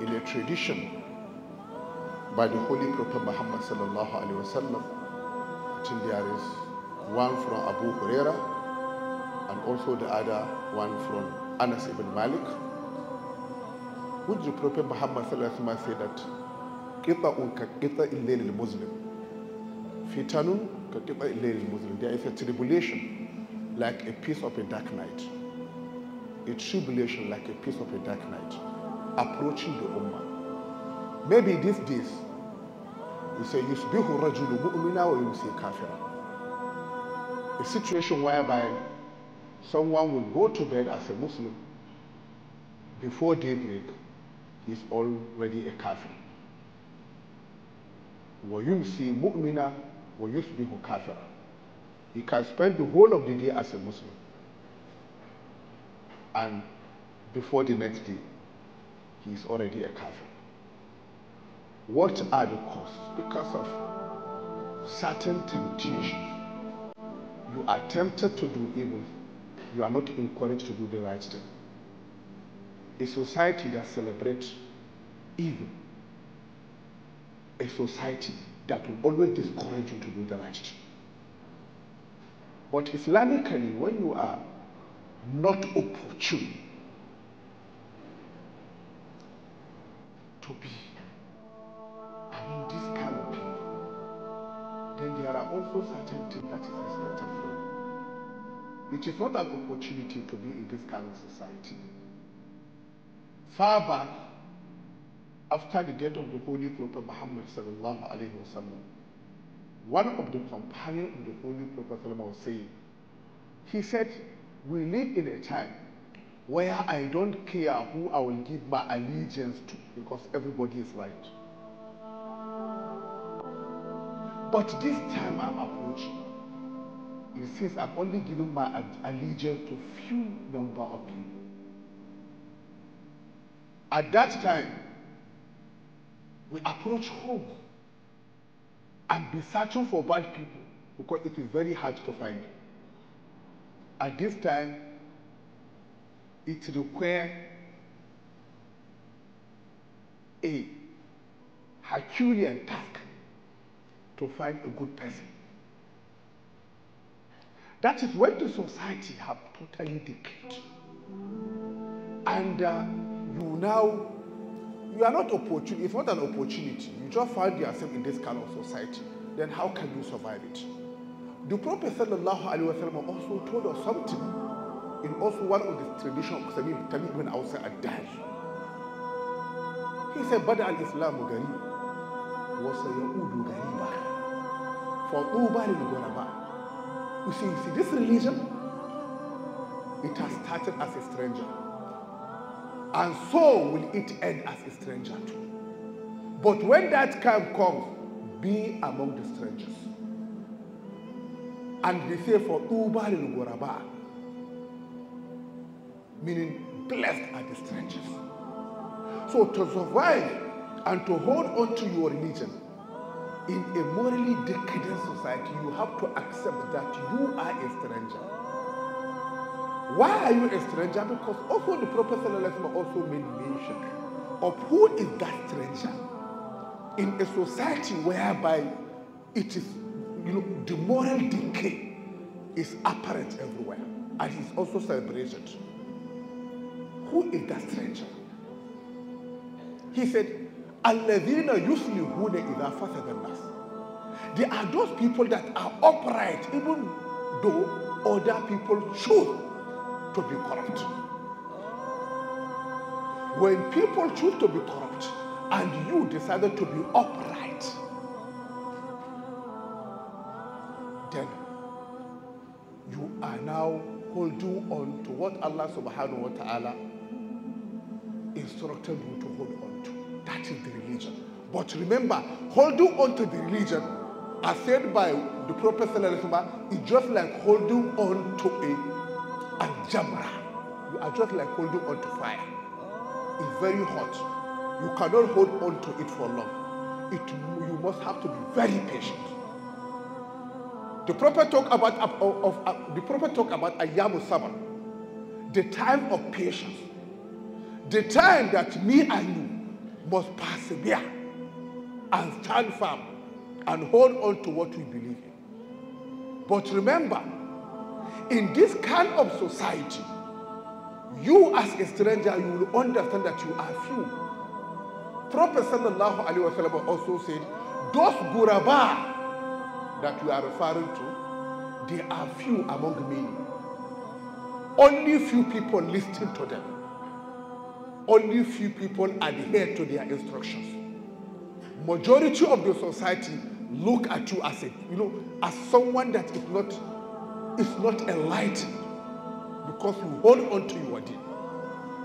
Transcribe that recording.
in a tradition by the Holy Prophet Muhammad sallallahu alaihi wasallam. Until there is one from Abu Huraira and also the other one from Anas ibn Malik. Would the Prophet Muhammad sallallahu alaihi wasallam say that kita كقطع Muslim? Fitanun ka kita الليل Muslim? there is a tribulation like a piece of a dark night a tribulation like a piece of a dark night approaching the Ummah. Maybe these days, we say, Yusbihu Rajulu Mu'mina or you say Kafira. A situation whereby someone will go to bed as a Muslim before daybreak, he's already a Kafir. وَيُمْسِي مُؤْمِنًا وَيُصْبِحُ كَافِرًا He can spend the whole of the day as a Muslim and before the next day he is already a cover. What are the causes? Because of certain temptation. You are tempted to do evil. You are not encouraged to do the right thing. A society that celebrates evil. A society that will always discourage you to do the right thing. But Islamically, when you are not opportune to be. And in this kind of people, then there are also certain things that is expected from you. It is not an opportunity to be in this kind of society. Far back, after the death of the Holy Prophet Muhammad sallallahu alaihi wasallam, one of the companions of the Holy Prophet was saying, he said, we live in a time where I don't care who I will give my allegiance to because everybody is right. But this time I'm approaching. It says I'm only giving my allegiance to few number of people. At that time, we approach home and be searching for bad people because it is very hard to find. At this time, it requires a Herculean task to find a good person. That is what the society have totally decayed. And uh, you now, you are not opportunity, it's not an opportunity. You just find yourself in this kind of society. Then how can you survive it? The Prophet ﷺ also told us something in also one of the tradition of Salim when I was a dahj He said, Bada al-Islam gharib, wa sayaudu ghariba, fatuba lil-ghuraba. You see, you see, this religion, it has started as a stranger. And so will it end as a stranger too. But when that time comes, be among the strangers. And they say, for Ubari lil meaning blessed are the strangers. So to survive and to hold on to your religion in a morally decadent society, you have to accept that you are a stranger. Why are you a stranger? Because also the Prophet also made mention of who is that stranger in a society whereby it is, you know, the moral decay is apparent everywhere and is also celebrated. Who is that stranger? He said, Alevina faster than us. There are those people that are upright, even though other people choose to be corrupt. When people choose to be corrupt and you decided to be upright, then you are now holding on to what Allah subhanahu wa ta'ala instructed you to hold on to. That is the religion. But remember, holding on to the religion, as said by the Prophet is just like holding on to a, a jamra. You are just like holding on to fire. It's very hot. You cannot hold on to it for long. It, you must have to be very patient. The Prophet talked about, of, of, the Prophet talked about a Ayamu Sabbath, the time of patience the time that me and you must persevere and stand firm and hold on to what we believe in. But remember, in this kind of society, you as a stranger, you will understand that you are few. Prophet sallallahu alaihi wasallam also said, those guraba that you are referring to, they are few among many. Only few people listening to them only few people adhere to their instructions. Majority of the society look at you as a, you know, as someone that is not, is not enlightened because you hold on to your deed.